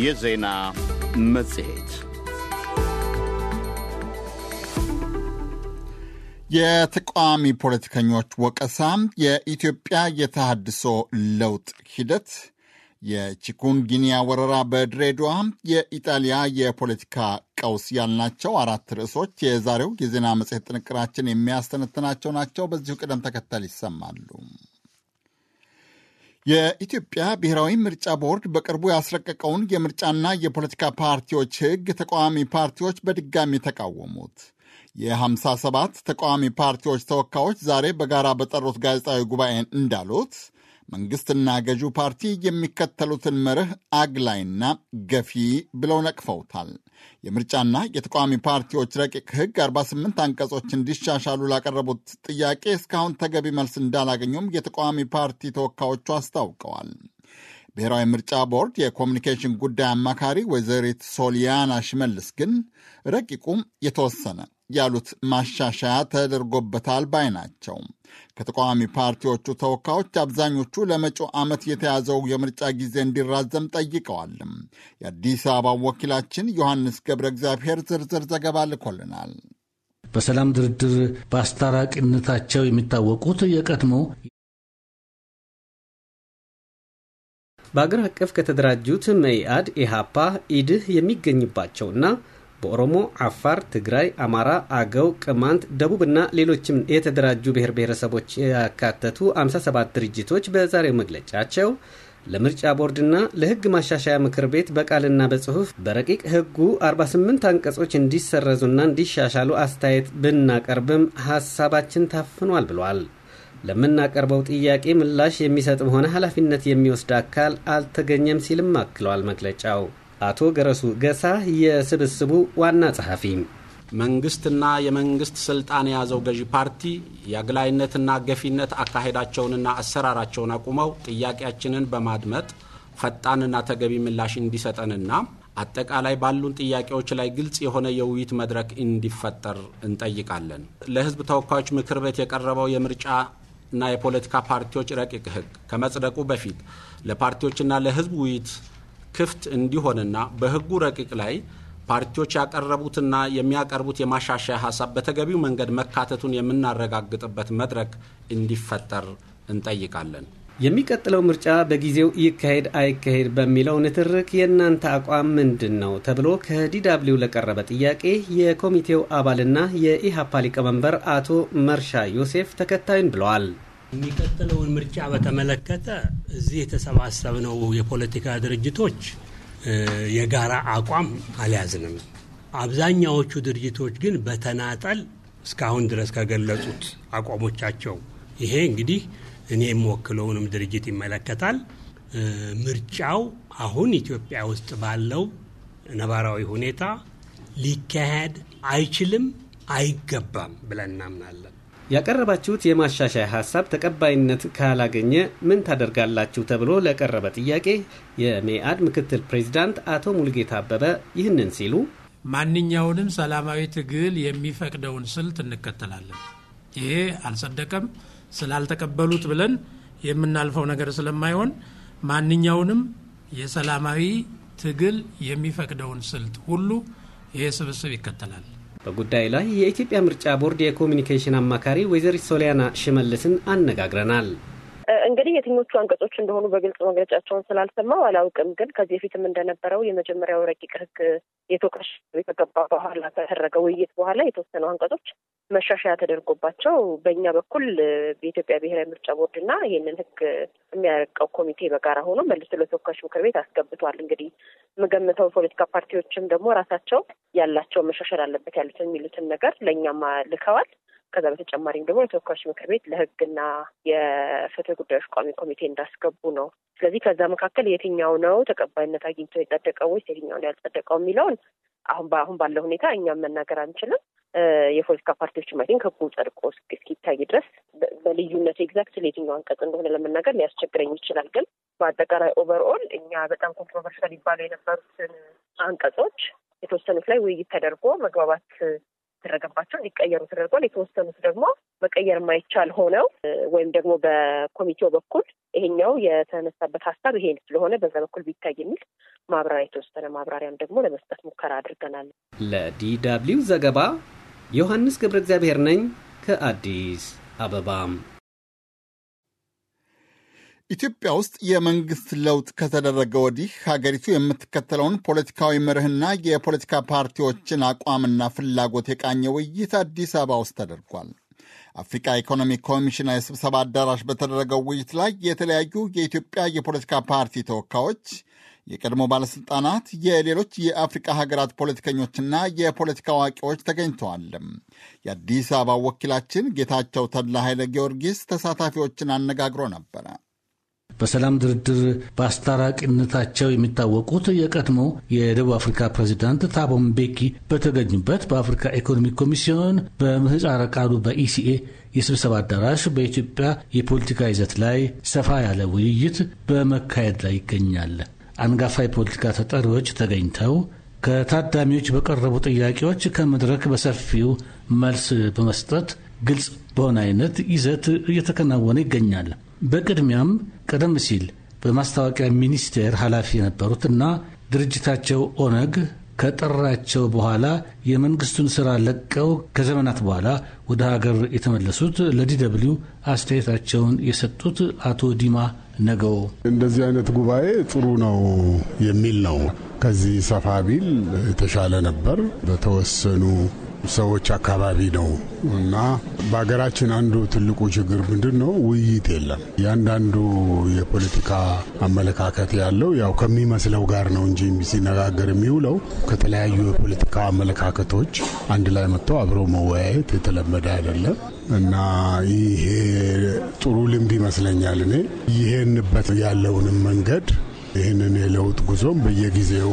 የዜና መጽሔት የተቃዋሚ ፖለቲከኞች ወቀሳም፣ የኢትዮጵያ የተሃድሶ ለውጥ ሂደት፣ ጊኒያ ወረራ በድሬዷ የኢጣሊያ የፖለቲካ ቀውስ ያልናቸው አራት ርዕሶች የዛሬው የዜና መጽሔት ጥንቅራችን የሚያስተነትናቸው ናቸው። በዚሁ ቅደም ተከተል ይሰማሉ። የኢትዮጵያ ብሔራዊ ምርጫ ቦርድ በቅርቡ ያስረቀቀውን የምርጫና የፖለቲካ ፓርቲዎች ሕግ ተቃዋሚ ፓርቲዎች በድጋሚ ተቃወሙት። የ57 ተቃዋሚ ፓርቲዎች ተወካዮች ዛሬ በጋራ በጠሩት ጋዜጣዊ ጉባኤ እንዳሉት መንግስትና ገዢው ፓርቲ የሚከተሉትን መርህ አግላይና ገፊ ብለው ነቅፈውታል። የምርጫና የተቃዋሚ ፓርቲዎች ረቂቅ ሕግ 48 አንቀጾች እንዲሻሻሉ ላቀረቡት ጥያቄ እስካሁን ተገቢ መልስ እንዳላገኙም የተቃዋሚ ፓርቲ ተወካዮቹ አስታውቀዋል። ብሔራዊ ምርጫ ቦርድ የኮሚኒኬሽን ጉዳይ አማካሪ ወይዘሪት ሶሊያና ሽመልስ ግን ረቂቁም የተወሰነ ያሉት ማሻሻያ ተደርጎበታል ባይ ናቸው። ከተቃዋሚ ፓርቲዎቹ ተወካዮች አብዛኞቹ ለመጪው ዓመት የተያዘው የምርጫ ጊዜ እንዲራዘም ጠይቀዋል። የአዲስ አበባ ወኪላችን ዮሐንስ ገብረ እግዚአብሔር ዝርዝር ዘገባ ልኮልናል። በሰላም ድርድር በአስታራቂነታቸው የሚታወቁት የቀድሞ በአገር አቀፍ ከተደራጁት መኢአድ፣ ኢሃፓ፣ ኢድህ የሚገኝባቸውና በኦሮሞ፣ አፋር፣ ትግራይ፣ አማራ፣ አገው፣ ቅማንት፣ ደቡብና ሌሎችም የተደራጁ ብሔር ብሔረሰቦች ያካተቱ 57 ድርጅቶች በዛሬው መግለጫቸው ለምርጫ ቦርድና ለሕግ ማሻሻያ ምክር ቤት በቃልና በጽሑፍ በረቂቅ ሕጉ 48 አንቀጾች እንዲሰረዙና እንዲሻሻሉ አስተያየት ብናቀርብም ሀሳባችን ታፍኗል ብሏል። ለምናቀርበው ጥያቄ ምላሽ የሚሰጥም ሆነ ኃላፊነት የሚወስድ አካል አልተገኘም ሲልም አክለዋል መግለጫው። አቶ ገረሱ ገሳ የስብስቡ ዋና ጸሐፊ መንግስትና የመንግስት ስልጣን የያዘው ገዢ ፓርቲ የአግላይነትና ገፊነት አካሄዳቸውንና አሰራራቸውን አቁመው ጥያቄያችንን በማድመጥ ፈጣንና ተገቢ ምላሽ እንዲሰጠንና አጠቃላይ ባሉን ጥያቄዎች ላይ ግልጽ የሆነ የውይይት መድረክ እንዲፈጠር እንጠይቃለን። ለህዝብ ተወካዮች ምክር ቤት የቀረበው የምርጫና የፖለቲካ ፓርቲዎች ረቂቅ ህግ ከመጽደቁ በፊት ለፓርቲዎችና ለህዝብ ውይይት ክፍት እንዲሆንና በህጉ ረቂቅ ላይ ፓርቲዎች ያቀረቡትና የሚያቀርቡት የማሻሻያ ሀሳብ በተገቢው መንገድ መካተቱን የምናረጋግጥበት መድረክ እንዲፈጠር እንጠይቃለን። የሚቀጥለው ምርጫ በጊዜው ይካሄድ አይካሄድ በሚለው ንትርክ የእናንተ አቋም ምንድን ነው ተብሎ ከዲዳብሊው ለቀረበ ጥያቄ የኮሚቴው አባልና የኢህአፓ ሊቀመንበር አቶ መርሻ ዮሴፍ ተከታዩን ብለዋል። የሚቀጥለውን ምርጫ በተመለከተ እዚህ የተሰባሰብነው የፖለቲካ ድርጅቶች የጋራ አቋም አልያዝንም። አብዛኛዎቹ ድርጅቶች ግን በተናጠል እስካሁን ድረስ ከገለጹት አቋሞቻቸው ይሄ እንግዲህ እኔ የምወክለውንም ድርጅት ይመለከታል። ምርጫው አሁን ኢትዮጵያ ውስጥ ባለው ነባራዊ ሁኔታ ሊካሄድ አይችልም፣ አይገባም ብለን እናምናለን። ያቀረባችሁት የማሻሻያ ሀሳብ ተቀባይነት ካላገኘ ምን ታደርጋላችሁ ተብሎ ለቀረበ ጥያቄ የሜአድ ምክትል ፕሬዚዳንት አቶ ሙልጌታ አበበ ይህንን ሲሉ ማንኛውንም ሰላማዊ ትግል የሚፈቅደውን ስልት እንከተላለን። ይሄ አልጸደቀም፣ ስላልተቀበሉት ብለን የምናልፈው ነገር ስለማይሆን ማንኛውንም የሰላማዊ ትግል የሚፈቅደውን ስልት ሁሉ ይሄ ስብስብ ይከተላል። በጉዳዩ ላይ የኢትዮጵያ ምርጫ ቦርድ የኮሚኒኬሽን አማካሪ ወይዘሪት ሶሊያና ሽመልስን አነጋግረናል። እንግዲህ የትኞቹ አንቀጾች እንደሆኑ በግልጽ መግለጫቸውን ስላልሰማው አላውቅም። ግን ከዚህ በፊትም እንደነበረው የመጀመሪያው ረቂቅ ሕግ የተወካሽ የተገባ በኋላ ተደረገ ውይይት በኋላ የተወሰኑ አንቀጾች መሻሻያ ተደርጎባቸው በእኛ በኩል በኢትዮጵያ ብሔራዊ ምርጫ ቦርድና ይህንን ሕግ የሚያረቀው ኮሚቴ በጋራ ሆኖ መልሶ ለተወካሽ ምክር ቤት አስገብቷል። እንግዲህ የምገምተው ፖለቲካ ፓርቲዎችም ደግሞ ራሳቸው ያላቸው መሻሻል አለበት ያሉትን የሚሉትን ነገር ለእኛም ልከዋል። ከዛ በተጨማሪም ደግሞ የተወካዮች ምክር ቤት ለህግና የፍትህ ጉዳዮች ቋሚ ኮሚቴ እንዳስገቡ ነው። ስለዚህ ከዛ መካከል የትኛው ነው ተቀባይነት አግኝቶ የጸደቀው ወይስ የትኛው ነው ያልጸደቀው የሚለውን አሁን አሁን ባለው ሁኔታ እኛም መናገር አንችልም። የፖለቲካ ፓርቲዎች ማይቲንግ ህጉ ጸድቆ እስኪታይ ድረስ በልዩነቱ ኤግዛክት ለየትኛው አንቀጽ እንደሆነ ለመናገር ሊያስቸግረኝ ይችላል። ግን በአጠቃላይ ኦቨርኦል እኛ በጣም ኮንትሮቨርሻል ይባሉ የነበሩትን አንቀጾች የተወሰኑት ላይ ውይይት ተደርጎ መግባባት የተደረገባቸው እንዲቀየሩ ተደርጓል። የተወሰኑት ደግሞ መቀየር የማይቻል ሆነው ወይም ደግሞ በኮሚቴው በኩል ይሄኛው የተነሳበት ሀሳብ ይሄን ስለሆነ በዛ በኩል ቢታይ የሚል ማብራሪያ የተወሰነ ማብራሪያም ደግሞ ለመስጠት ሙከራ አድርገናል። ለዲደብሊው ዘገባ ዮሐንስ ገብረ እግዚአብሔር ነኝ ከአዲስ አበባ ኢትዮጵያ ውስጥ የመንግስት ለውጥ ከተደረገ ወዲህ ሀገሪቱ የምትከተለውን ፖለቲካዊ መርህና የፖለቲካ ፓርቲዎችን አቋምና ፍላጎት የቃኘ ውይይት አዲስ አበባ ውስጥ ተደርጓል። አፍሪካ ኢኮኖሚ ኮሚሽን የስብሰባ አዳራሽ በተደረገው ውይይት ላይ የተለያዩ የኢትዮጵያ የፖለቲካ ፓርቲ ተወካዮች የቀድሞ ባለሥልጣናት፣ የሌሎች የአፍሪካ ሀገራት ፖለቲከኞችና የፖለቲካ አዋቂዎች ተገኝተዋል። የአዲስ አበባ ወኪላችን ጌታቸው ተድላ ኃይለ ጊዮርጊስ ተሳታፊዎችን አነጋግሮ ነበረ። በሰላም ድርድር በአስታራቂነታቸው የሚታወቁት የቀድሞ የደቡብ አፍሪካ ፕሬዚዳንት ታቦ ምቤኪ በተገኙበት በአፍሪካ ኢኮኖሚ ኮሚስዮን በምህፃረ ቃሉ በኢሲኤ የስብሰባ አዳራሽ በኢትዮጵያ የፖለቲካ ይዘት ላይ ሰፋ ያለ ውይይት በመካሄድ ላይ ይገኛል። አንጋፋ የፖለቲካ ተጠሪዎች ተገኝተው ከታዳሚዎች በቀረቡ ጥያቄዎች ከመድረክ በሰፊው መልስ በመስጠት ግልጽ በሆነ አይነት ይዘት እየተከናወነ ይገኛል። በቅድሚያም ቀደም ሲል በማስታወቂያ ሚኒስቴር ኃላፊ የነበሩትና ድርጅታቸው ኦነግ ከጠራቸው በኋላ የመንግስቱን ስራ ለቀው ከዘመናት በኋላ ወደ ሀገር የተመለሱት ለዲደብሊው አስተያየታቸውን የሰጡት አቶ ዲማ ነገው እንደዚህ አይነት ጉባኤ ጥሩ ነው የሚል ነው። ከዚህ ሰፋ ቢል የተሻለ ነበር። በተወሰኑ ሰዎች አካባቢ ነው እና በሀገራችን አንዱ ትልቁ ችግር ምንድን ነው? ውይይት የለም። እያንዳንዱ የፖለቲካ አመለካከት ያለው ያው ከሚመስለው ጋር ነው እንጂ ሲነጋገር የሚውለው ከተለያዩ የፖለቲካ አመለካከቶች አንድ ላይ መጥተው አብሮ መወያየት የተለመደ አይደለም እና ይሄ ጥሩ ልምድ ይመስለኛል። እኔ ይሄንበት ያለውንም መንገድ ይህንን የለውጥ ጉዞም በየጊዜው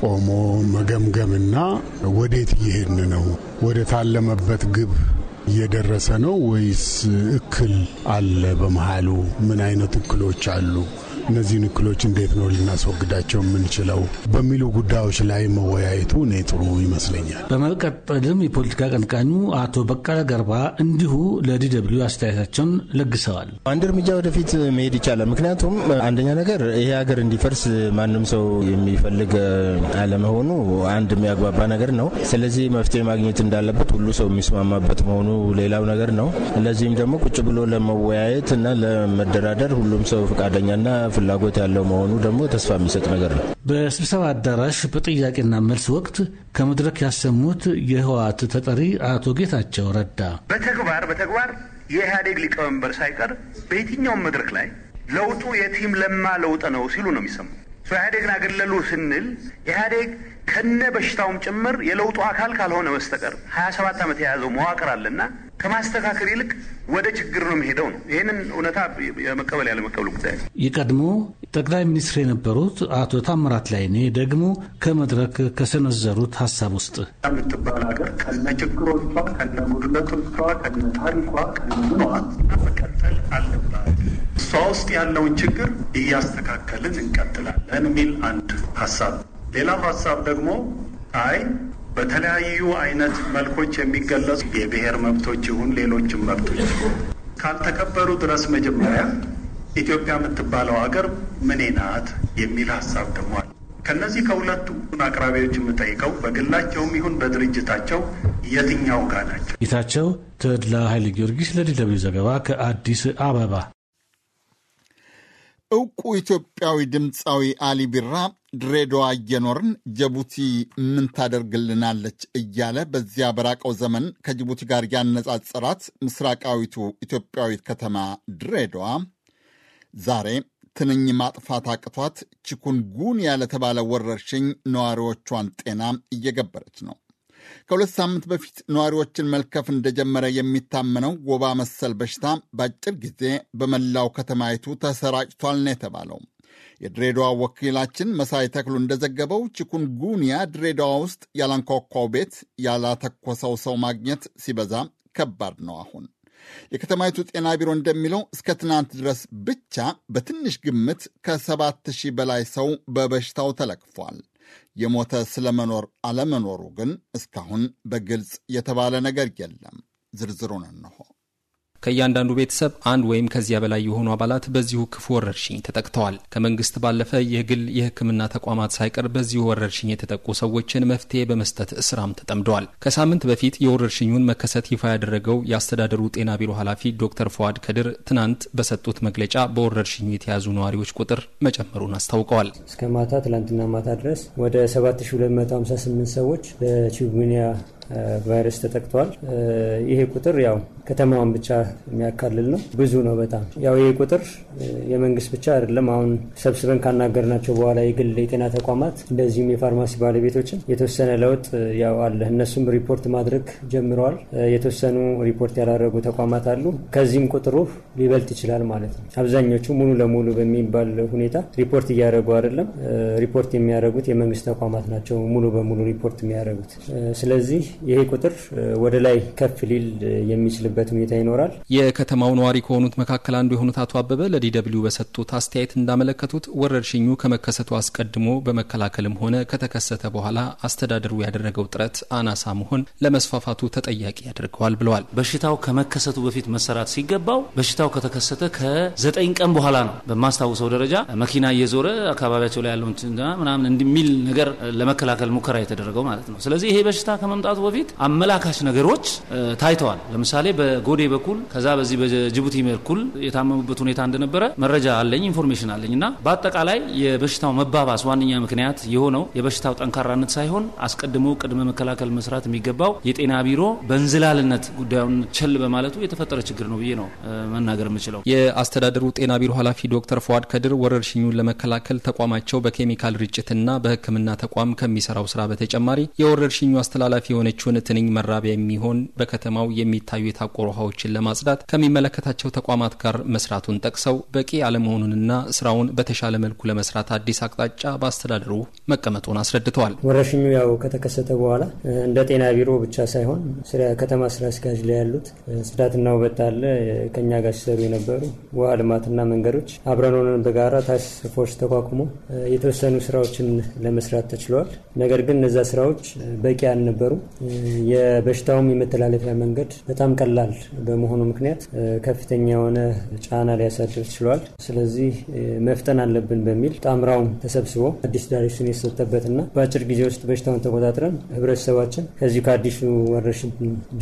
ቆሞ መገምገምና ወዴት እየሄድን ነው፣ ወደ ታለመበት ግብ እየደረሰ ነው ወይስ እክል አለ? በመሃሉ ምን አይነት እክሎች አሉ? እነዚህን እክሎች እንዴት ነው ልናስወግዳቸው የምንችለው በሚሉ ጉዳዮች ላይ መወያየቱ እኔ ጥሩ ይመስለኛል። በመቀጠልም የፖለቲካ ቀንቃኙ አቶ በቀለ ገርባ እንዲሁ ለዲ አስተያየታቸውን ለግሰዋል። አንድ እርምጃ ወደፊት መሄድ ይቻላል። ምክንያቱም አንደኛ ነገር ይሄ ሀገር እንዲፈርስ ማንም ሰው የሚፈልግ አለመሆኑ አንድ የሚያግባባ ነገር ነው። ስለዚህ መፍትሄ ማግኘት እንዳለበት ሁሉ ሰው የሚስማማበት መሆኑ ሌላው ነገር ነው። ለዚህም ደግሞ ቁጭ ብሎ ለመወያየት እና ለመደራደር ሁሉም ሰው ፈቃደኛና ፍላጎት ያለው መሆኑ ደግሞ ተስፋ የሚሰጥ ነገር ነው። በስብሰባ አዳራሽ በጥያቄና መልስ ወቅት ከመድረክ ያሰሙት የህወሓት ተጠሪ አቶ ጌታቸው ረዳ በተግባር በተግባር የኢህአዴግ ሊቀመንበር ሳይቀር በየትኛውም መድረክ ላይ ለውጡ የቲም ለማ ለውጥ ነው ሲሉ ነው የሚሰሙ ኢህአዴግን አገለሉ ስንል ኢህአዴግ ከነ በሽታውም ጭምር የለውጡ አካል ካልሆነ በስተቀር ሀያ ሰባት ዓመት የያዘው መዋቅር አለና ከማስተካከል ይልቅ ወደ ችግር ነው የሚሄደው ነው። ይህንን እውነታ የመቀበል ያለመቀበሉ ጉዳይ ነው። የቀድሞ ጠቅላይ ሚኒስትር የነበሩት አቶ ታምራት ላይኔ ደግሞ ከመድረክ ከሰነዘሩት ሀሳብ ውስጥ የምትባል ሀገር ከነ ችግሮቿ፣ ከነ ጉድለቶቿ፣ ከነ ታሪኳ፣ ከነ መቀጠል አለባት። እሷ ውስጥ ያለውን ችግር እያስተካከልን እንቀጥላለን የሚል አንድ ሀሳብ ሌላው ሀሳብ ደግሞ አይ በተለያዩ አይነት መልኮች የሚገለጹ የብሔር መብቶች ይሁን ሌሎችም መብቶች ካልተከበሩ ድረስ መጀመሪያ ኢትዮጵያ የምትባለው ሀገር ምኔ ናት የሚል ሀሳብ ደግሞ አለ። ከእነዚህ ከሁለቱ አቅራቢዎች የምጠይቀው በግላቸውም ይሁን በድርጅታቸው የትኛው ጋር ናቸው? ጌታቸው ተድላ ኃይለ ጊዮርጊስ ለዲ ዘገባ ከአዲስ አበባ። እውቁ ኢትዮጵያዊ ድምፃዊ አሊ ቢራ ድሬዳዋ እየኖርን ጅቡቲ ምን ታደርግልናለች እያለ በዚያ በራቀው ዘመን ከጅቡቲ ጋር ያነጻጸራት ምስራቃዊቱ ኢትዮጵያዊት ከተማ ድሬዳዋ ዛሬ ትንኝ ማጥፋት አቅቷት ቺኩንጉንያ ለተባለ ወረርሽኝ ነዋሪዎቿን ጤና እየገበረች ነው። ከሁለት ሳምንት በፊት ነዋሪዎችን መልከፍ እንደጀመረ የሚታመነው ወባ መሰል በሽታ በአጭር ጊዜ በመላው ከተማይቱ ተሰራጭቷል ነው የተባለው። የድሬዳዋ ወኪላችን መሳይ ተክሉ እንደዘገበው ቺኩንጉኒያ ድሬዳዋ ውስጥ ያላንኳኳው ቤት ያላተኮሰው ሰው ማግኘት ሲበዛ ከባድ ነው። አሁን የከተማይቱ ጤና ቢሮ እንደሚለው እስከ ትናንት ድረስ ብቻ በትንሽ ግምት ከሰባት ሺህ በላይ ሰው በበሽታው ተለቅፏል። የሞተ ስለመኖር አለመኖሩ ግን እስካሁን በግልጽ የተባለ ነገር የለም። ዝርዝሩን እንሆ ከእያንዳንዱ ቤተሰብ አንድ ወይም ከዚያ በላይ የሆኑ አባላት በዚሁ ክፉ ወረርሽኝ ተጠቅተዋል። ከመንግስት ባለፈ የግል የሕክምና ተቋማት ሳይቀር በዚሁ ወረርሽኝ የተጠቁ ሰዎችን መፍትሄ በመስጠት ስራም ተጠምደዋል። ከሳምንት በፊት የወረርሽኙን መከሰት ይፋ ያደረገው የአስተዳደሩ ጤና ቢሮ ኃላፊ ዶክተር ፎዋድ ከድር ትናንት በሰጡት መግለጫ በወረርሽኙ የተያዙ ነዋሪዎች ቁጥር መጨመሩን አስታውቀዋል። እስከ ማታ ትላንትና ማታ ድረስ ወደ 7258 ሰዎች በቺጉኒያ ቫይረስ ተጠቅተዋል። ይሄ ቁጥር ያው ከተማዋን ብቻ የሚያካልል ነው። ብዙ ነው በጣም ያው ይሄ ቁጥር የመንግስት ብቻ አይደለም። አሁን ሰብስበን ካናገርናቸው በኋላ የግል የጤና ተቋማት እንደዚሁም የፋርማሲ ባለቤቶችን የተወሰነ ለውጥ ያው አለ። እነሱም ሪፖርት ማድረግ ጀምረዋል። የተወሰኑ ሪፖርት ያላረጉ ተቋማት አሉ። ከዚህም ቁጥሩ ሊበልጥ ይችላል ማለት ነው። አብዛኞቹ ሙሉ ለሙሉ በሚባል ሁኔታ ሪፖርት እያደረጉ አይደለም። ሪፖርት የሚያደረጉት የመንግስት ተቋማት ናቸው ሙሉ በሙሉ ሪፖርት የሚያደረጉት ስለዚህ ይሄ ቁጥር ወደ ላይ ከፍ ሊል የሚችልበት ሁኔታ ይኖራል። የከተማው ነዋሪ ከሆኑት መካከል አንዱ የሆኑት አቶ አበበ ለዲደብሊው በሰጡት አስተያየት እንዳመለከቱት ወረርሽኙ ከመከሰቱ አስቀድሞ በመከላከልም ሆነ ከተከሰተ በኋላ አስተዳደሩ ያደረገው ጥረት አናሳ መሆን ለመስፋፋቱ ተጠያቂ ያደርገዋል ብለዋል። በሽታው ከመከሰቱ በፊት መሰራት ሲገባው በሽታው ከተከሰተ ከዘጠኝ ቀን በኋላ ነው። በማስታውሰው ደረጃ መኪና እየዞረ አካባቢያቸው ላይ ያለውን ምናምን እንዲሚል ነገር ለመከላከል ሙከራ የተደረገው ማለት ነው። ስለዚህ ይሄ በሽታ ከመምጣቱ በፊት አመላካች ነገሮች ታይተዋል። ለምሳሌ በጎዴ በኩል ከዛ በዚህ በጅቡቲ በኩል የታመሙበት ሁኔታ እንደነበረ መረጃ አለኝ፣ ኢንፎርሜሽን አለኝ እና በአጠቃላይ የበሽታው መባባስ ዋነኛ ምክንያት የሆነው የበሽታው ጠንካራነት ሳይሆን አስቀድሞ ቅድመ መከላከል መስራት የሚገባው የጤና ቢሮ በእንዝላልነት ጉዳዩን ቸል በማለቱ የተፈጠረ ችግር ነው ብዬ ነው መናገር የምችለው። የአስተዳደሩ ጤና ቢሮ ኃላፊ ዶክተር ፏድ ከድር ወረርሽኙን ለመከላከል ተቋማቸው በኬሚካል ርጭትና በሕክምና ተቋም ከሚሰራው ስራ በተጨማሪ የወረርሽኙ አስተላላፊ የሆነች የሆነችውን ትንኝ መራቢያ የሚሆን በከተማው የሚታዩ የታቆሩ ውሃዎችን ለማጽዳት ከሚመለከታቸው ተቋማት ጋር መስራቱን ጠቅሰው በቂ አለመሆኑንና ስራውን በተሻለ መልኩ ለመስራት አዲስ አቅጣጫ በአስተዳደሩ መቀመጡን አስረድተዋል። ወረሽኙ ያው ከተከሰተ በኋላ እንደ ጤና ቢሮ ብቻ ሳይሆን ከተማ ስራ አስኪያጅ ላይ ያሉት ጽዳትና ውበት አለ ከኛ ጋር ሲሰሩ የነበሩ ውሃ ልማትና መንገዶች አብረን ሆነን በጋራ ታስክ ፎርስ ተቋቁሞ የተወሰኑ ስራዎችን ለመስራት ተችሏል። ነገር ግን እነዛ ስራዎች በቂ አልነበሩ። የበሽታውም የመተላለፊያ መንገድ በጣም ቀላል በመሆኑ ምክንያት ከፍተኛ የሆነ ጫና ሊያሳድር ችሏል። ስለዚህ መፍጠን አለብን በሚል ጣምራውም ተሰብስቦ አዲስ ዳይሬክሽን የተሰጠበትና በአጭር ጊዜ ውስጥ በሽታውን ተቆጣጥረን ህብረተሰባችን ከዚህ ከአዲሱ ወረርሽኝ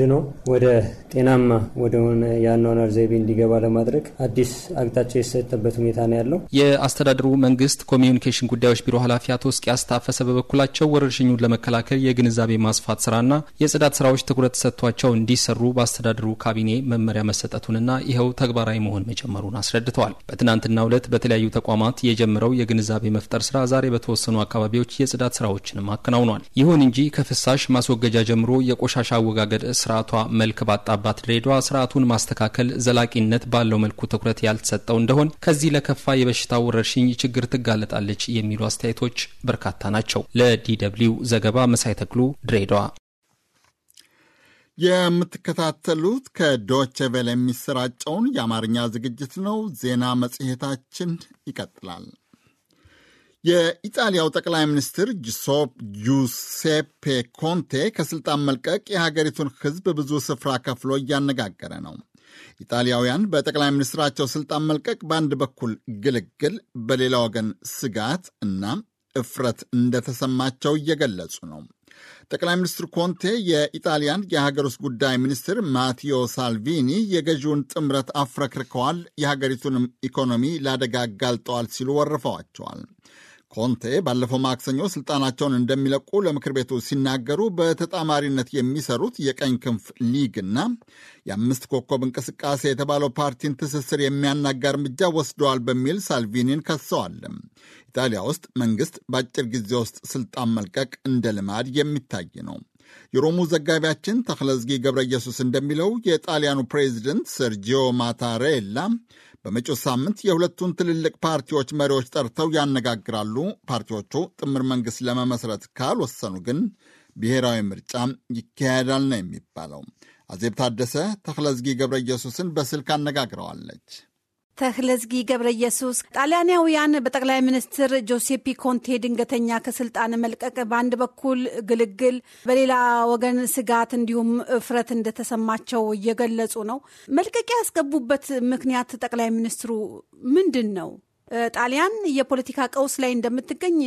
ድኖ ወደ ጤናማ ወደሆነ የአኗኗር ዘይቤ እንዲገባ ለማድረግ አዲስ አቅጣጫ የሰጠበት ሁኔታ ነው ያለው። የአስተዳደሩ መንግስት ኮሚዩኒኬሽን ጉዳዮች ቢሮ ኃላፊ አቶ እስቂያስ ታፈሰ በበኩላቸው ወረርሽኙን ለመከላከል የግንዛቤ ማስፋት ስራ እንዲሰሩና የጽዳት ስራዎች ትኩረት ሰጥቷቸው እንዲሰሩ በአስተዳደሩ ካቢኔ መመሪያ መሰጠቱንና ይኸው ተግባራዊ መሆን መጀመሩን አስረድተዋል። በትናንትናው ዕለት በተለያዩ ተቋማት የጀመረው የግንዛቤ መፍጠር ስራ ዛሬ በተወሰኑ አካባቢዎች የጽዳት ስራዎችንም አከናውኗል። ይሁን እንጂ ከፍሳሽ ማስወገጃ ጀምሮ የቆሻሻ አወጋገድ ስርዓቷ መልክ ባጣባት ድሬዳዋ ስርዓቱን ማስተካከል ዘላቂነት ባለው መልኩ ትኩረት ያልተሰጠው እንደሆን ከዚህ ለከፋ የበሽታ ወረርሽኝ ችግር ትጋለጣለች የሚሉ አስተያየቶች በርካታ ናቸው። ለዲ ደብልዩ ዘገባ መሳይ ተክሉ ድሬዳዋ የምትከታተሉት ከዶቸቬል የሚሰራጨውን የአማርኛ ዝግጅት ነው። ዜና መጽሔታችን ይቀጥላል። የኢጣሊያው ጠቅላይ ሚኒስትር ጁሴፔ ኮንቴ ከስልጣን መልቀቅ የሀገሪቱን ሕዝብ ብዙ ስፍራ ከፍሎ እያነጋገረ ነው። ኢጣሊያውያን በጠቅላይ ሚኒስትራቸው ስልጣን መልቀቅ በአንድ በኩል ግልግል፣ በሌላ ወገን ስጋት እና እፍረት እንደተሰማቸው እየገለጹ ነው። ጠቅላይ ሚኒስትር ኮንቴ የኢጣሊያን የሀገር ውስጥ ጉዳይ ሚኒስትር ማቲዮ ሳልቪኒ የገዢውን ጥምረት አፍረክርከዋል፣ የሀገሪቱንም ኢኮኖሚ ላደጋ ጋልጠዋል ሲሉ ወርፈዋቸዋል። ኮንቴ ባለፈው ማክሰኞ ስልጣናቸውን እንደሚለቁ ለምክር ቤቱ ሲናገሩ በተጣማሪነት የሚሰሩት የቀኝ ክንፍ ሊግና የአምስት ኮከብ እንቅስቃሴ የተባለው ፓርቲን ትስስር የሚያናጋ እርምጃ ወስደዋል በሚል ሳልቪኒን ከሰዋል። ኢጣሊያ ውስጥ መንግስት በአጭር ጊዜ ውስጥ ስልጣን መልቀቅ እንደ ልማድ የሚታይ ነው። የሮሙ ዘጋቢያችን ተክለዝጊ ገብረ ኢየሱስ እንደሚለው የጣሊያኑ ፕሬዚደንት ሰርጂዮ ማታሬላ በመጪው ሳምንት የሁለቱን ትልልቅ ፓርቲዎች መሪዎች ጠርተው ያነጋግራሉ። ፓርቲዎቹ ጥምር መንግሥት ለመመስረት ካልወሰኑ ግን ብሔራዊ ምርጫ ይካሄዳል ነው የሚባለው። አዜብ ታደሰ ተክለዝጊ ገብረ ኢየሱስን በስልክ አነጋግረዋለች። ተክለዝጊ ገብረ ኢየሱስ ጣሊያናውያን በጠቅላይ ሚኒስትር ጆሴፒ ኮንቴ ድንገተኛ ከስልጣን መልቀቅ በአንድ በኩል ግልግል፣ በሌላ ወገን ስጋት እንዲሁም እፍረት እንደተሰማቸው እየገለጹ ነው። መልቀቂያ ያስገቡበት ምክንያት ጠቅላይ ሚኒስትሩ ምንድን ነው? ጣሊያን የፖለቲካ ቀውስ ላይ እንደምትገኝ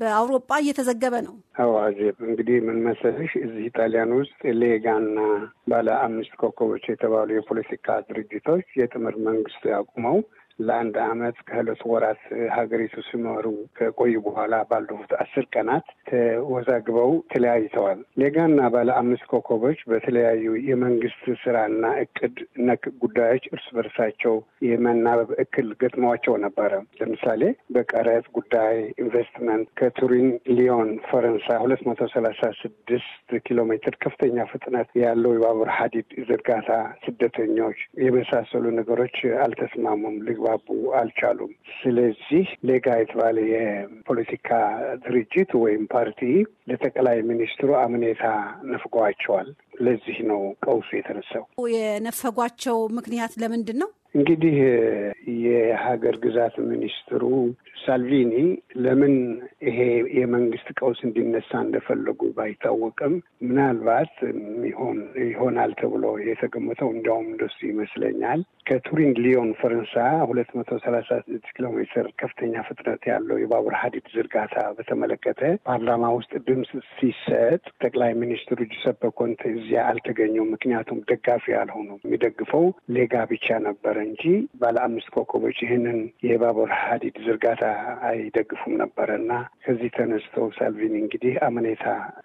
በአውሮፓ እየተዘገበ ነው። አዎ አዜብ፣ እንግዲህ ምን መሰልሽ እዚህ ጣሊያን ውስጥ ሌጋና ባለ አምስት ኮከቦች የተባሉ የፖለቲካ ድርጅቶች የጥምር መንግስት ያቁመው ለአንድ አመት ከሁለት ወራት ሀገሪቱ ሲመሩ ከቆዩ በኋላ ባለፉት አስር ቀናት ተወዛግበው ተለያይተዋል። ሌጋና ባለ አምስት ኮከቦች በተለያዩ የመንግስት ስራና እቅድ ነክ ጉዳዮች እርስ በርሳቸው የመናበብ እክል ገጥመዋቸው ነበረ። ለምሳሌ በቀረጥ ጉዳይ ኢንቨስትመንት ከቱሪን ሊዮን ፈረንሳይ ሁለት መቶ ሰላሳ ስድስት ኪሎ ሜትር ከፍተኛ ፍጥነት ያለው የባቡር ሀዲድ ዝርጋታ፣ ስደተኞች የመሳሰሉ ነገሮች አልተስማሙም። ሊግባቡ አልቻሉም። ስለዚህ ሌጋ የተባለ የፖለቲካ ድርጅት ወይም ፓርቲ ለጠቅላይ ሚኒስትሩ አምኔታ ነፍገዋቸዋል። ለዚህ ነው ቀውሱ የተነሳው። የነፈጓቸው ምክንያት ለምንድን ነው? እንግዲህ የሀገር ግዛት ሚኒስትሩ ሳልቪኒ ለምን ይሄ የመንግስት ቀውስ እንዲነሳ እንደፈለጉ ባይታወቅም ምናልባት ይሆናል ተብሎ የተገመተው እንዲያውም እንደሱ ይመስለኛል ከቱሪን ሊዮን ፈረንሳ ሁለት መቶ ሰላሳ ስድስት ኪሎ ሜትር ከፍተኛ ፍጥነት ያለው የባቡር ሀዲድ ዝርጋታ በተመለከተ ፓርላማ ውስጥ ድምፅ ሲሰጥ ጠቅላይ ሚኒስትሩ ጁሰፐ ኮንቴ እዚያ አልተገኘው። ምክንያቱም ደጋፊ ያልሆኑ የሚደግፈው ሌጋ ብቻ ነበረ እንጂ ባለ አምስት ኮከቦች ይህንን የባቡር ሀዲድ ዝርጋታ አይደግፉም ነበረ እና ከዚህ ተነስተው ሳልቪኒ እንግዲህ አመኔታ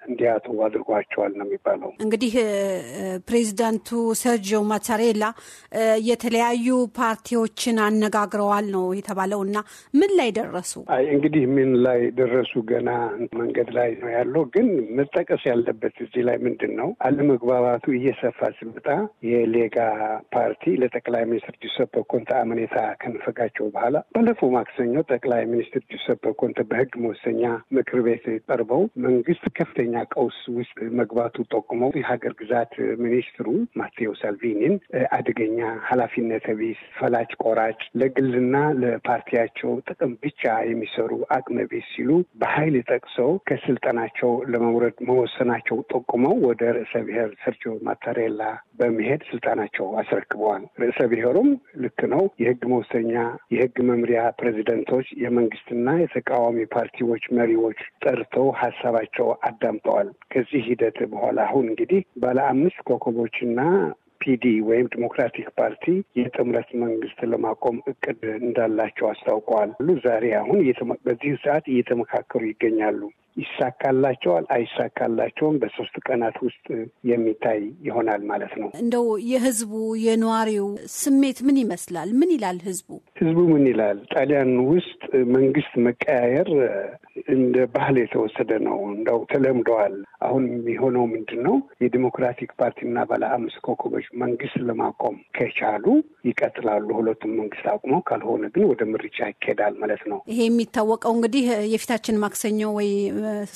እንዲያጡ አድርጓቸዋል ነው የሚባለው። እንግዲህ ፕሬዚዳንቱ ሰርጂዮ ማታሬላ የተለያዩ ፓርቲዎችን አነጋግረዋል ነው የተባለው እና ምን ላይ ደረሱ? አይ እንግዲህ ምን ላይ ደረሱ ገና መንገድ ላይ ነው ያለው። ግን መጠቀስ ያለበት እዚህ ላይ ምንድን ነው አለመግባባቱ እየሰፋ ሲመጣ የሌጋ ፓርቲ ለጠቅላይ ሚኒስትር ጁሰፐ ኮንተ አመኔታ ከነፈጋቸው በኋላ ባለፈው ማክሰኞ ጠቅላይ ሚኒስትር ጁሰፐ ኮንተ በህግ መወሰኛ ምክር ቤት ቀርበው መንግስት ከፍተኛ ቀውስ ውስጥ መግባቱ ጠቁመው የሀገር ግዛት ሚኒስትሩ ማቴዎ ሳልቪኒን አደገኛ፣ ኃላፊነት ቢስ፣ ፈላጭ ቆራጭ፣ ለግልና ለፓርቲያቸው ጥቅም ብቻ የሚሰሩ አቅመ ቢስ ሲሉ በኃይል ጠቅሰው ከስልጠናቸው ለመውረድ መወሰናቸው ጠቁመው ወደ ርዕሰ ብሔር ሰርጆ ማታሬላ በመሄድ ስልጣናቸው አስረክበዋል። ርዕሰ ብሔሩም ልክ ነው። የህግ መወሰኛ የህግ መምሪያ ፕሬዚደንቶች፣ የመንግስትና የተቃዋሚ ፓርቲዎች መሪዎች ጠርተው ሀሳባቸው አዳምጠዋል። ከዚህ ሂደት በኋላ አሁን እንግዲህ ባለ አምስት ኮከቦችና ፒዲ ወይም ዲሞክራቲክ ፓርቲ የጥምረት መንግስት ለማቆም እቅድ እንዳላቸው አስታውቀዋል። ዛሬ አሁን በዚህ ሰዓት እየተመካከሩ ይገኛሉ። ይሳካላቸዋል አይሳካላቸውም፣ በሶስት ቀናት ውስጥ የሚታይ ይሆናል ማለት ነው። እንደው የህዝቡ የነዋሪው ስሜት ምን ይመስላል? ምን ይላል ህዝቡ? ህዝቡ ምን ይላል? ጣሊያን ውስጥ መንግስት መቀያየር እንደ ባህል የተወሰደ ነው። እንደው ተለምደዋል። አሁን የሚሆነው ምንድን ነው? የዲሞክራቲክ ፓርቲና ባለ አምስት ኮከቦች መንግስት ለማቆም ከቻሉ ይቀጥላሉ። ሁለቱም መንግስት አቁመው፣ ካልሆነ ግን ወደ ምርጫ ይካሄዳል ማለት ነው። ይሄ የሚታወቀው እንግዲህ የፊታችን ማክሰኞ ወይ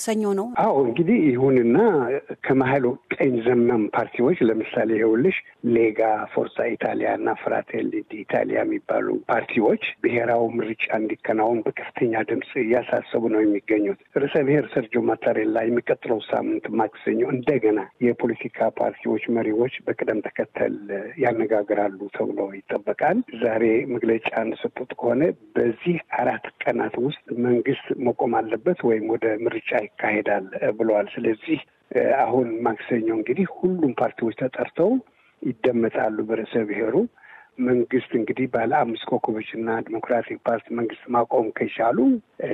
ሰኞ ነው። አዎ እንግዲህ ይሁንና ከመሀል ቀኝ ዘመም ፓርቲዎች ለምሳሌ ይኸውልሽ ሌጋ፣ ፎርሳ ኢታሊያ እና ፍራቴሊ ኢታሊያ የሚባሉ ፓርቲዎች ብሔራዊ ምርጫ እንዲከናወን በከፍተኛ ድምፅ እያሳሰቡ ነው የሚገኙት። ርዕሰ ብሔር ሰርጆ ማታሬላ የሚቀጥለው ሳምንት ማክሰኞ እንደገና የፖለቲካ ፓርቲዎች መሪዎች በቅደም ተከተል ያነጋግራሉ ተብሎ ይጠበቃል። ዛሬ መግለጫ እንደሰጡት ከሆነ በዚህ አራት ቀናት ውስጥ መንግስት መቆም አለበት ወይም ወደ ምርጫ ምርጫ ይካሄዳል ብለዋል። ስለዚህ አሁን ማክሰኞ እንግዲህ ሁሉም ፓርቲዎች ተጠርተው ይደመጣሉ በርዕሰ ብሔሩ። መንግስት እንግዲህ ባለ አምስት ኮከቦችና ዲሞክራቲክ ፓርቲ መንግስት ማቆም ከቻሉ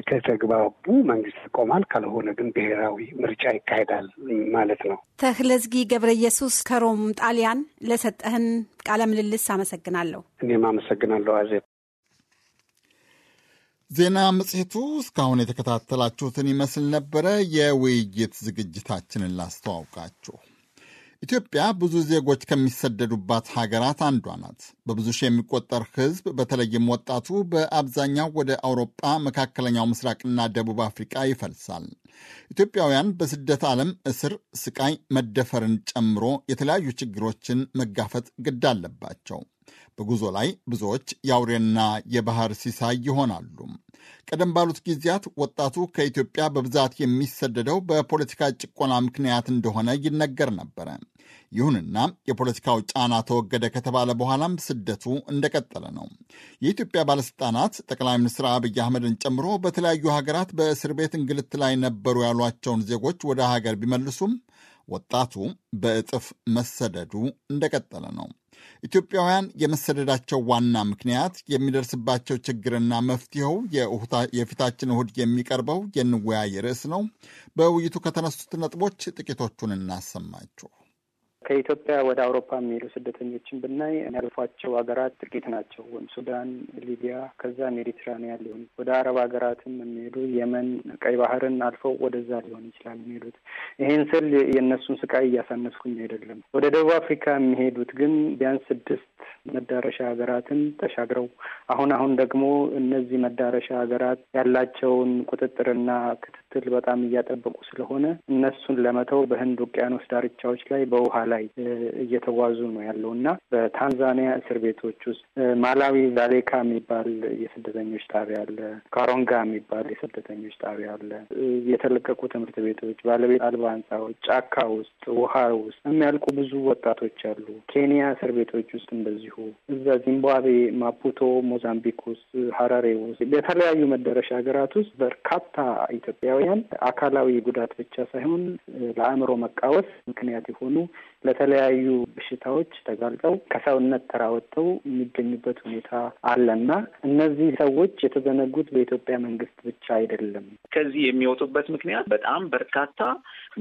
ከተግባቡ መንግስት ይቆማል፣ ካልሆነ ግን ብሔራዊ ምርጫ ይካሄዳል ማለት ነው። ተክለዝጊ ገብረ ኢየሱስ ከሮም ጣሊያን፣ ለሰጠህን ቃለ ምልልስ አመሰግናለሁ። እኔም አመሰግናለሁ አዜብ። ዜና መጽሔቱ እስካሁን የተከታተላችሁትን ይመስል ነበረ። የውይይት ዝግጅታችንን ላስተዋውቃችሁ። ኢትዮጵያ ብዙ ዜጎች ከሚሰደዱባት ሀገራት አንዷ ናት። በብዙ ሺህ የሚቆጠር ሕዝብ በተለይም ወጣቱ በአብዛኛው ወደ አውሮጳ፣ መካከለኛው ምስራቅና ደቡብ አፍሪቃ ይፈልሳል። ኢትዮጵያውያን በስደት ዓለም እስር፣ ስቃይ፣ መደፈርን ጨምሮ የተለያዩ ችግሮችን መጋፈጥ ግድ አለባቸው። በጉዞ ላይ ብዙዎች የአውሬና የባህር ሲሳይ ይሆናሉ። ቀደም ባሉት ጊዜያት ወጣቱ ከኢትዮጵያ በብዛት የሚሰደደው በፖለቲካ ጭቆና ምክንያት እንደሆነ ይነገር ነበረ። ይሁንና የፖለቲካው ጫና ተወገደ ከተባለ በኋላም ስደቱ እንደቀጠለ ነው። የኢትዮጵያ ባለስልጣናት ጠቅላይ ሚኒስትር አብይ አህመድን ጨምሮ በተለያዩ ሀገራት በእስር ቤት እንግልት ላይ ነበሩ ያሏቸውን ዜጎች ወደ ሀገር ቢመልሱም ወጣቱ በእጥፍ መሰደዱ እንደቀጠለ ነው። ኢትዮጵያውያን የመሰደዳቸው ዋና ምክንያት የሚደርስባቸው ችግርና መፍትሄው የፊታችን እሁድ የሚቀርበው የንወያይ ርዕስ ነው። በውይይቱ ከተነሱት ነጥቦች ጥቂቶቹን እናሰማችሁ። ከኢትዮጵያ ወደ አውሮፓ የሚሄዱ ስደተኞችን ብናይ ያልፏቸው ሀገራት ጥቂት ናቸው። ወይም ሱዳን፣ ሊቢያ፣ ከዛ ሜዲትራኒያን ሊሆን ወደ አረብ ሀገራትም የሚሄዱ የመን፣ ቀይ ባህርን አልፈው ወደዛ ሊሆን ይችላል የሚሄዱት። ይሄን ስል የእነሱን ስቃይ እያሳነስኩኝ አይደለም። ወደ ደቡብ አፍሪካ የሚሄዱት ግን ቢያንስ ስድስት መዳረሻ ሀገራትን ተሻግረው አሁን አሁን ደግሞ እነዚህ መዳረሻ ሀገራት ያላቸውን ቁጥጥርና ክትትል በጣም እያጠበቁ ስለሆነ እነሱን ለመተው በህንድ ውቅያኖስ ዳርቻዎች ላይ በውሃ ላይ ላይ እየተጓዙ ነው ያለው እና በታንዛኒያ እስር ቤቶች ውስጥ ማላዊ ዛሌካ የሚባል የስደተኞች ጣቢያ አለ። ካሮንጋ የሚባል የስደተኞች ጣቢያ አለ። የተለቀቁ ትምህርት ቤቶች፣ ባለቤት አልባ ህንፃዎች፣ ጫካ ውስጥ፣ ውሃ ውስጥ የሚያልቁ ብዙ ወጣቶች አሉ። ኬንያ እስር ቤቶች ውስጥ እንደዚሁ እዛ ዚምባብዌ፣ ማፑቶ፣ ሞዛምቢክ ውስጥ፣ ሀራሬ ውስጥ የተለያዩ መዳረሻ ሀገራት ውስጥ በርካታ ኢትዮጵያውያን አካላዊ ጉዳት ብቻ ሳይሆን ለአእምሮ መቃወስ ምክንያት የሆኑ ለተለያዩ በሽታዎች ተጋልጠው ከሰውነት ተራ ወጥተው የሚገኙበት ሁኔታ አለና እነዚህ ሰዎች የተዘነጉት በኢትዮጵያ መንግስት ብቻ አይደለም። ከዚህ የሚወጡበት ምክንያት በጣም በርካታ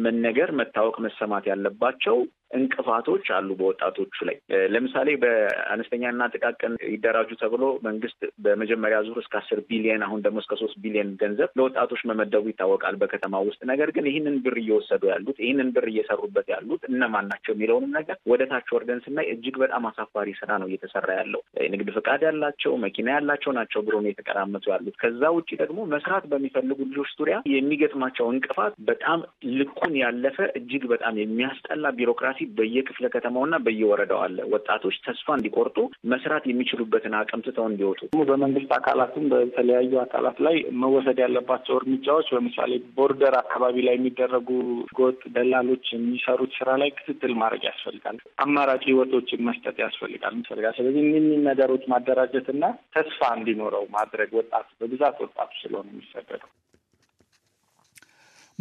መነገር፣ መታወቅ፣ መሰማት ያለባቸው እንቅፋቶች አሉ በወጣቶቹ ላይ። ለምሳሌ በአነስተኛና ጥቃቅን ይደራጁ ተብሎ መንግስት በመጀመሪያ ዙር እስከ አስር ቢሊየን አሁን ደግሞ እስከ ሶስት ቢሊየን ገንዘብ ለወጣቶች መመደቡ ይታወቃል በከተማ ውስጥ። ነገር ግን ይህንን ብር እየወሰዱ ያሉት ይህንን ብር እየሰሩበት ያሉት እነማን ናቸው የሚለውንም ነገር ወደ ታች ወርደን ስናይ እጅግ በጣም አሳፋሪ ስራ ነው እየተሰራ ያለው። ንግድ ፍቃድ ያላቸው መኪና ያላቸው ናቸው ብሮን የተቀራመቱ ያሉት። ከዛ ውጭ ደግሞ መስራት በሚፈልጉ ልጆች ዙሪያ የሚገጥማቸው እንቅፋት በጣም ልኩን ያለፈ እጅግ በጣም የሚያስጠላ ቢሮክራሲ በየክፍለ ከተማውና በየወረዳው አለ። ወጣቶች ተስፋ እንዲቆርጡ መስራት የሚችሉበትን አቅም ትተው እንዲወጡ በመንግስት አካላትም በተለያዩ አካላት ላይ መወሰድ ያለባቸው እርምጃዎች ለምሳሌ ቦርደር አካባቢ ላይ የሚደረጉ ጎጥ ደላሎች የሚሰሩት ስራ ላይ ክትትል ማድረግ ያስፈልጋል። አማራጭ ህይወቶችን መስጠት ያስፈልጋል ያስፈልጋል። ስለዚህ እኒህ ነገሮች ማደራጀትና ተስፋ እንዲኖረው ማድረግ ወጣት በብዛት ወጣቱ ስለሆነ የሚሰደደው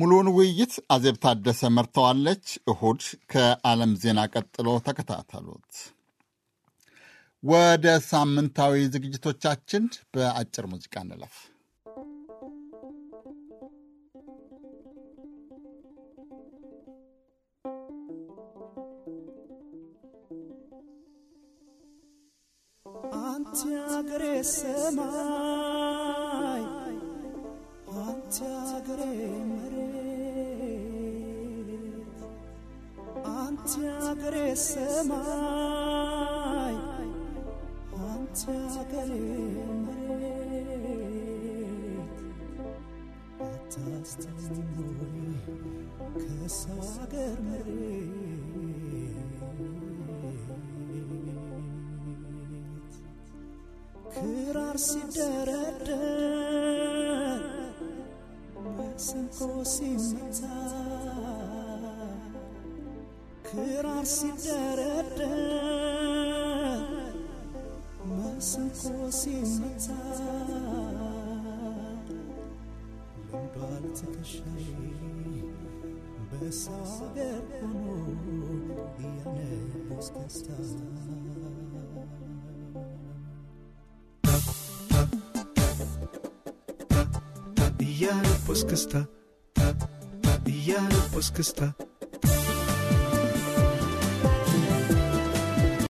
ሙሉውን ውይይት አዜብ ታደሰ መርተዋለች። እሁድ ከዓለም ዜና ቀጥሎ ተከታተሉት። ወደ ሳምንታዊ ዝግጅቶቻችን በአጭር ሙዚቃ እንለፍ። አገሬ ሰማይ አንተ አገሬ አንተ አገሬ ሰማይ አንተ አገሬ መሬት አታስተምሮኝ ከሰው አገር መሬት ክራር ሲደረደር በሰንቆ ሲመታ ክራር ሲደረደር መስንቆ ሲመታ ልምዷል ትከሻይ በሰው ሆኖ እያነቡስ ከስታ